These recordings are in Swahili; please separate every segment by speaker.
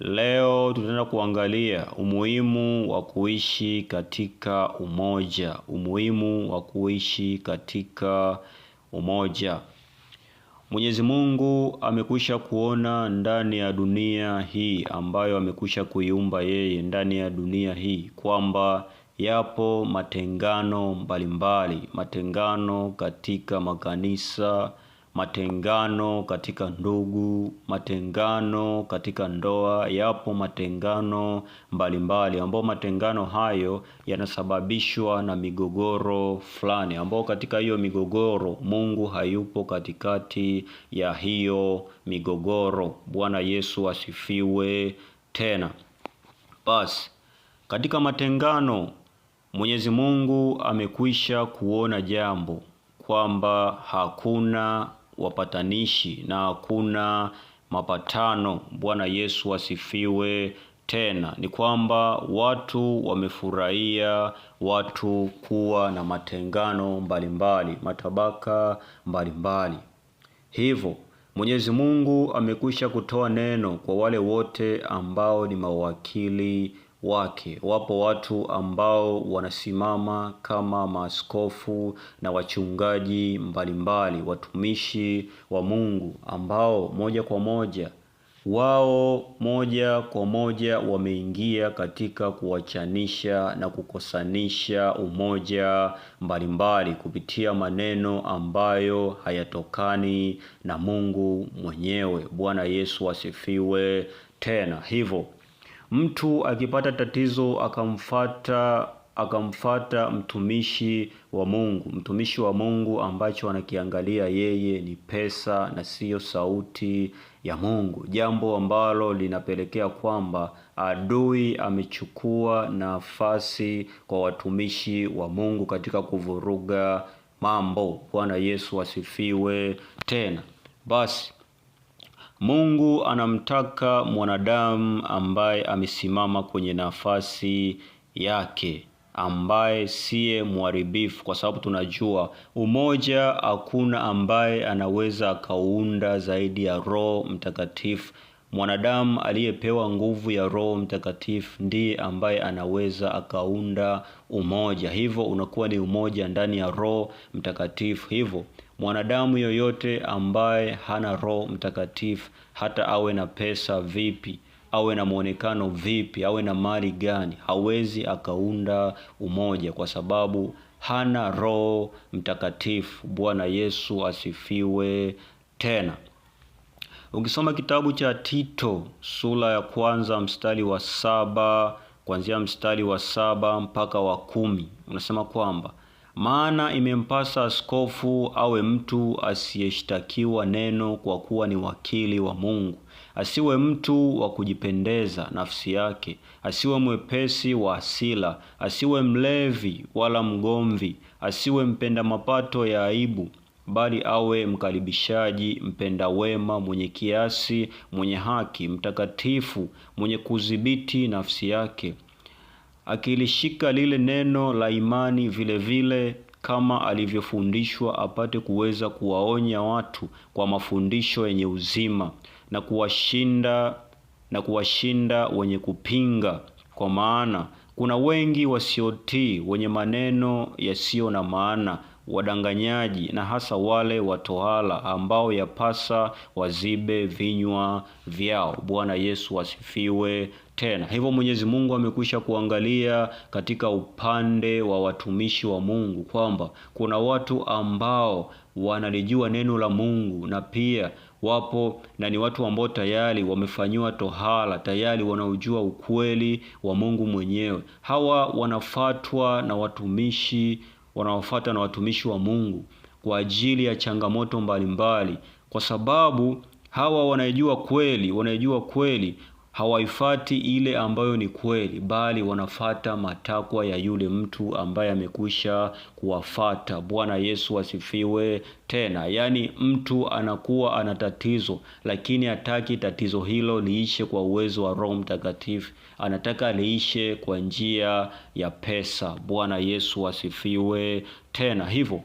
Speaker 1: Leo tutaenda kuangalia umuhimu wa kuishi katika umoja, umuhimu wa kuishi katika umoja. Mwenyezi Mungu amekwisha kuona ndani ya dunia hii ambayo amekwisha kuiumba yeye ndani ya dunia hii kwamba yapo matengano mbalimbali, matengano katika makanisa matengano katika ndugu, matengano katika ndoa. Yapo matengano mbalimbali ambao matengano hayo yanasababishwa na migogoro fulani, ambao katika hiyo migogoro Mungu hayupo katikati ya hiyo migogoro. Bwana Yesu asifiwe. Tena basi katika matengano Mwenyezi Mungu amekwisha kuona jambo kwamba hakuna wapatanishi na hakuna mapatano. Bwana Yesu asifiwe. Tena ni kwamba watu wamefurahia watu kuwa na matengano mbalimbali mbali, matabaka mbalimbali mbali. Hivyo Mwenyezi Mungu amekwisha kutoa neno kwa wale wote ambao ni mawakili wake. Wapo watu ambao wanasimama kama maaskofu na wachungaji mbalimbali mbali, watumishi wa Mungu ambao moja kwa moja wao moja kwa moja wameingia katika kuwachanisha na kukosanisha umoja mbalimbali kupitia maneno ambayo hayatokani na Mungu mwenyewe. Bwana Yesu asifiwe tena hivyo mtu akipata tatizo akamfata akamfata mtumishi wa Mungu, mtumishi wa Mungu ambacho anakiangalia yeye ni pesa na siyo sauti ya Mungu, jambo ambalo linapelekea kwamba adui amechukua nafasi kwa watumishi wa Mungu katika kuvuruga mambo. Bwana Yesu asifiwe tena basi Mungu anamtaka mwanadamu ambaye amesimama kwenye nafasi yake ambaye siye mharibifu, kwa sababu tunajua umoja hakuna ambaye anaweza akaunda zaidi ya Roho Mtakatifu. Mwanadamu aliyepewa nguvu ya Roho Mtakatifu ndiye ambaye anaweza akaunda umoja, hivyo unakuwa ni umoja ndani ya Roho Mtakatifu hivyo Mwanadamu yoyote ambaye hana Roho Mtakatifu, hata awe na pesa vipi, awe na mwonekano vipi, awe na mali gani, hawezi akaunda umoja kwa sababu hana Roho Mtakatifu. Bwana Yesu asifiwe. Tena ukisoma kitabu cha Tito sura ya kwanza mstari wa saba kuanzia mstari wa saba mpaka wa kumi unasema kwamba maana imempasa askofu awe mtu asiyeshtakiwa neno, kwa kuwa ni wakili wa Mungu. Asiwe mtu wa kujipendeza nafsi yake, asiwe mwepesi wa hasira, asiwe mlevi wala mgomvi, asiwe mpenda mapato ya aibu, bali awe mkaribishaji, mpenda wema, mwenye kiasi, mwenye haki, mtakatifu, mwenye kudhibiti nafsi yake akilishika lile neno la imani vilevile vile, kama alivyofundishwa apate kuweza kuwaonya watu kwa mafundisho yenye uzima na kuwashinda na kuwashinda wenye kupinga, kwa maana kuna wengi wasiotii wenye maneno yasiyo na maana wadanganyaji na hasa wale watohala ambao yapasa wazibe vinywa vyao. Bwana Yesu asifiwe tena. Hivyo Mwenyezi Mungu amekwisha kuangalia katika upande wa watumishi wa Mungu kwamba kuna watu ambao wanalijua neno la Mungu na pia wapo na ni watu ambao tayari wamefanyiwa tohala, tayari wanaojua ukweli wa Mungu mwenyewe. Hawa wanafatwa na watumishi wanaofuatwa na watumishi wa Mungu kwa ajili ya changamoto mbalimbali mbali, kwa sababu hawa wanaijua kweli, wanaijua kweli hawaifati ile ambayo ni kweli, bali wanafata matakwa ya yule mtu ambaye amekwisha kuwafata. Bwana Yesu asifiwe tena. Yaani, mtu anakuwa ana tatizo, lakini hataki tatizo hilo liishe kwa uwezo wa Roho Mtakatifu, anataka liishe kwa njia ya pesa. Bwana Yesu asifiwe tena hivyo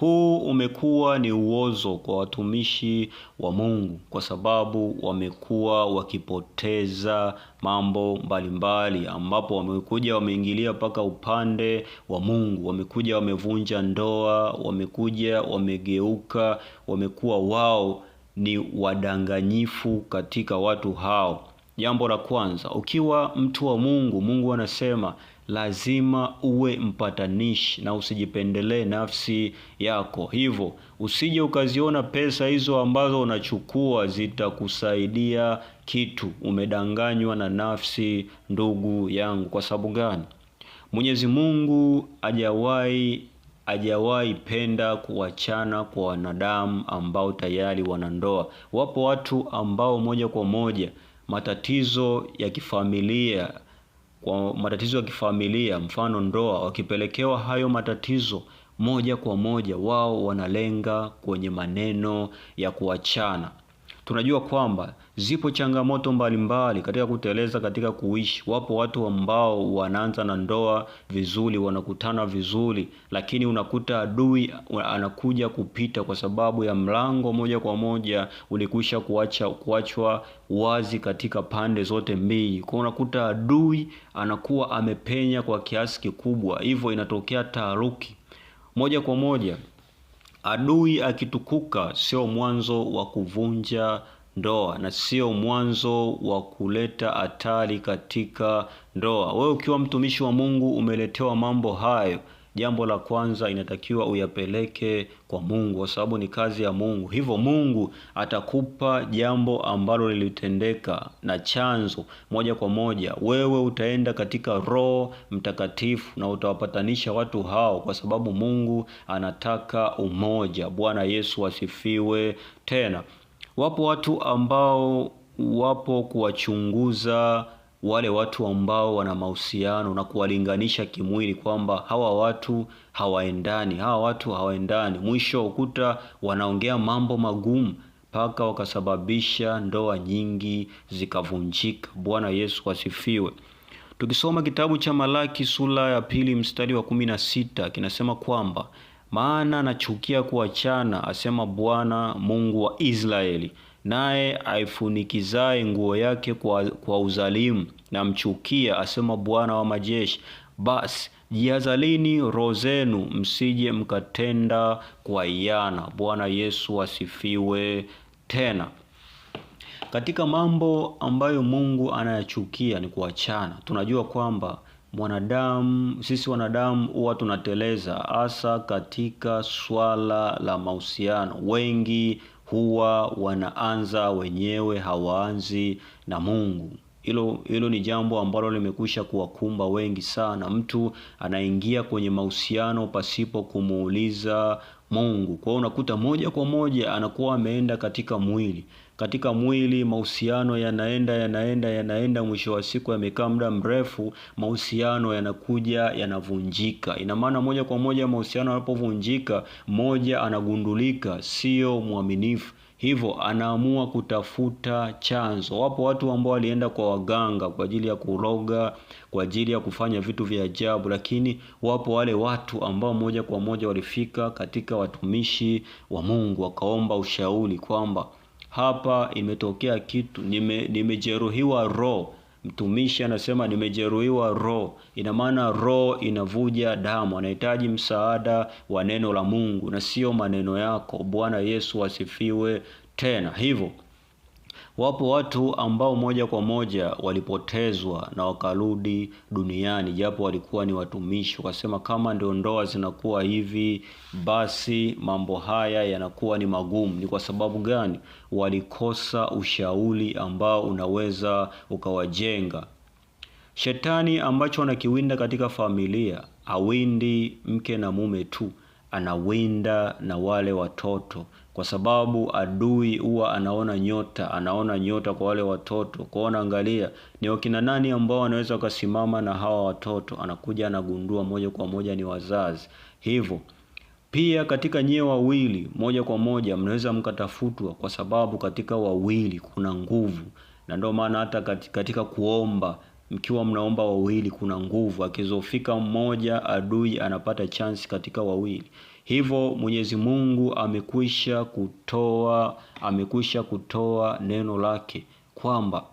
Speaker 1: huu umekuwa ni uozo kwa watumishi wa Mungu kwa sababu wamekuwa wakipoteza mambo mbalimbali mbali, ambapo wamekuja wameingilia mpaka upande wa Mungu, wamekuja wamevunja ndoa, wamekuja wamegeuka, wamekuwa wao ni wadanganyifu katika watu hao. Jambo la kwanza, ukiwa mtu wa Mungu, Mungu anasema lazima uwe mpatanishi na usijipendelee nafsi yako. Hivyo usije ukaziona pesa hizo ambazo unachukua zitakusaidia kitu. Umedanganywa na nafsi, ndugu yangu. Kwa sababu gani? Mwenyezi Mungu hajawahi hajawahi penda kuachana kwa wanadamu ambao tayari wana ndoa. Wapo watu ambao moja kwa moja matatizo ya kifamilia kwa matatizo ya kifamilia, mfano ndoa, wakipelekewa hayo matatizo moja kwa moja, wao wanalenga kwenye maneno ya kuachana. Tunajua kwamba zipo changamoto mbalimbali mbali katika kuteleza katika kuishi. Wapo watu ambao wanaanza na ndoa vizuri, wanakutana vizuri, lakini unakuta adui anakuja kupita kwa sababu ya mlango moja kwa moja ulikwisha kuacha kuachwa wazi katika pande zote mbili. Kwa unakuta adui anakuwa amepenya kwa kiasi kikubwa, hivyo inatokea taharuki moja kwa moja. Adui akitukuka sio mwanzo wa kuvunja ndoa na sio mwanzo wa kuleta hatari katika ndoa. Wewe ukiwa mtumishi wa Mungu umeletewa mambo hayo jambo la kwanza inatakiwa uyapeleke kwa Mungu, kwa sababu ni kazi ya Mungu. Hivyo Mungu atakupa jambo ambalo lilitendeka na chanzo moja kwa moja. Wewe utaenda katika Roho Mtakatifu na utawapatanisha watu hao, kwa sababu Mungu anataka umoja. Bwana Yesu asifiwe. Tena wapo watu ambao wapo kuwachunguza wale watu ambao wana mahusiano na kuwalinganisha kimwili kwamba hawa watu hawaendani, hawa watu hawaendani. Mwisho wa ukuta wanaongea mambo magumu mpaka wakasababisha ndoa nyingi zikavunjika. Bwana Yesu asifiwe. Tukisoma kitabu cha Malaki sura ya pili mstari wa kumi na sita kinasema kwamba maana nachukia kuachana, asema Bwana Mungu wa Israeli naye aifunikizaye nguo yake kwa, kwa uzalimu mchukia asema Bwana wa majeshi. Basi jihadharini roho zenu, msije mkatenda kwa iana. Bwana Yesu asifiwe. Tena katika mambo ambayo Mungu anayachukia ni kuachana. Tunajua kwamba mwanadamu sisi wanadamu huwa tunateleza, hasa katika swala la mahusiano. Wengi huwa wanaanza wenyewe, hawaanzi na Mungu. Hilo hilo ni jambo ambalo limekwisha kuwakumba wengi sana. Mtu anaingia kwenye mahusiano pasipo kumuuliza Mungu, kwa hiyo unakuta moja kwa moja anakuwa ameenda katika mwili katika mwili, mahusiano yanaenda yanaenda yanaenda, mwisho wa siku yamekaa muda mrefu, mahusiano yanakuja yanavunjika. Ina maana moja kwa moja mahusiano yanapovunjika, moja anagundulika sio mwaminifu hivyo anaamua kutafuta chanzo. Wapo watu ambao walienda kwa waganga kwa ajili ya kuroga, kwa ajili ya kufanya vitu vya ajabu, lakini wapo wale watu ambao moja kwa moja walifika katika watumishi wa Mungu wakaomba ushauri kwamba hapa imetokea kitu, nime nimejeruhiwa roho. Mtumishi anasema nimejeruhiwa roho, ina maana roho inavuja damu, anahitaji msaada wa neno la Mungu na sio maneno yako. Bwana Yesu asifiwe. Tena hivyo Wapo watu ambao moja kwa moja walipotezwa na wakarudi duniani, japo walikuwa ni watumishi. Wakasema kama ndio ndoa zinakuwa hivi, basi mambo haya yanakuwa ni magumu. Ni kwa sababu gani? Walikosa ushauri ambao unaweza ukawajenga. Shetani ambacho anakiwinda katika familia, awindi mke na mume tu, anawinda na wale watoto kwa sababu adui huwa anaona nyota, anaona nyota kwa wale watoto kwao, anaangalia ni wakina nani ambao wanaweza wakasimama na hawa watoto, anakuja anagundua moja kwa moja ni wazazi. Hivyo pia katika nyie wawili, moja kwa moja mnaweza mkatafutwa, kwa sababu katika wawili kuna nguvu, na ndio maana hata katika kuomba mkiwa mnaomba wawili kuna nguvu. Akizofika mmoja, adui anapata chansi katika wawili. Hivyo Mwenyezi Mungu amekwisha kutoa, amekwisha kutoa neno lake kwamba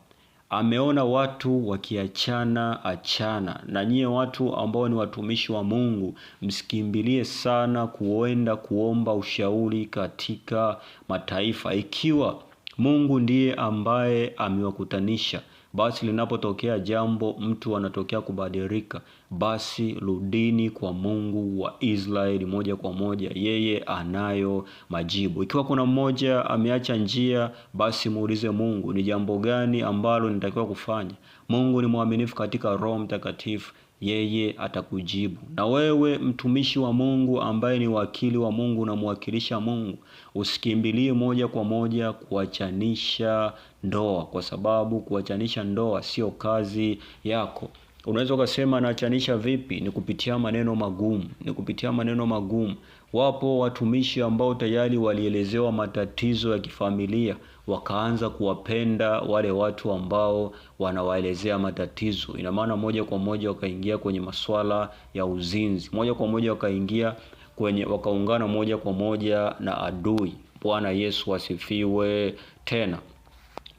Speaker 1: ameona watu wakiachana achana. Na nyie watu ambao ni watumishi wa Mungu, msikimbilie sana kuenda kuomba ushauri katika mataifa. Ikiwa Mungu ndiye ambaye amewakutanisha, basi linapotokea jambo, mtu anatokea kubadilika basi rudini kwa Mungu wa Israeli moja kwa moja, yeye anayo majibu. Ikiwa kuna mmoja ameacha njia, basi muulize Mungu ni jambo gani ambalo nitakiwa kufanya. Mungu ni mwaminifu katika Roho Mtakatifu, yeye atakujibu. Na wewe mtumishi wa Mungu ambaye ni wakili wa Mungu, mwakilisha Mungu, usikimbilie moja kwa moja kuachanisha ndoa, kwa sababu kuachanisha ndoa sio kazi yako. Unaweza ukasema naachanisha vipi? Ni kupitia maneno magumu, ni kupitia maneno magumu. Wapo watumishi ambao tayari walielezewa matatizo ya kifamilia, wakaanza kuwapenda wale watu ambao wanawaelezea matatizo. Ina maana moja kwa moja wakaingia kwenye masuala ya uzinzi, moja kwa moja wakaingia kwenye, wakaungana moja kwa moja na adui. Bwana Yesu asifiwe tena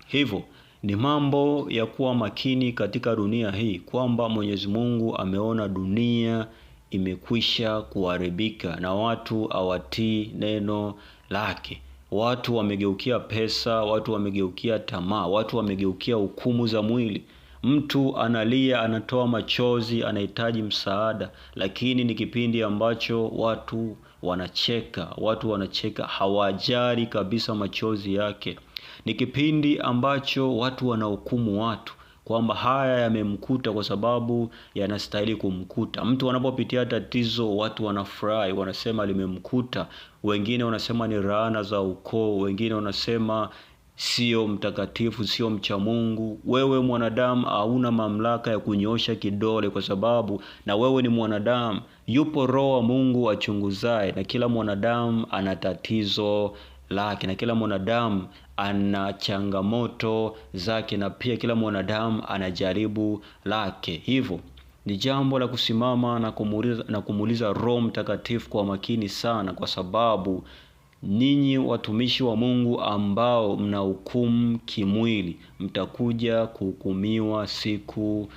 Speaker 1: hivyo ni mambo ya kuwa makini katika dunia hii kwamba Mwenyezi Mungu ameona dunia imekwisha kuharibika na watu hawatii neno lake. Watu wamegeukia pesa, watu wamegeukia tamaa, watu wamegeukia hukumu za mwili. Mtu analia, anatoa machozi, anahitaji msaada, lakini ni kipindi ambacho watu wanacheka, watu wanacheka, hawajali kabisa machozi yake ni kipindi ambacho watu wanahukumu watu kwamba haya yamemkuta kwa sababu yanastahili kumkuta mtu. Anapopitia tatizo, watu wanafurahi, wanasema limemkuta. Wengine wanasema ni laana za ukoo, wengine wanasema sio mtakatifu, sio mcha Mungu. Wewe mwanadamu hauna mamlaka ya kunyosha kidole, kwa sababu na wewe ni mwanadamu. Yupo Roho wa Mungu achunguzaye, na kila mwanadamu ana tatizo lake, na kila mwanadamu ana changamoto zake, na pia kila mwanadamu ana jaribu lake. Hivyo ni jambo la kusimama na kumuuliza, na kumuuliza Roho Mtakatifu kwa makini sana, kwa sababu ninyi watumishi wa Mungu ambao mna hukumu kimwili mtakuja kuhukumiwa siku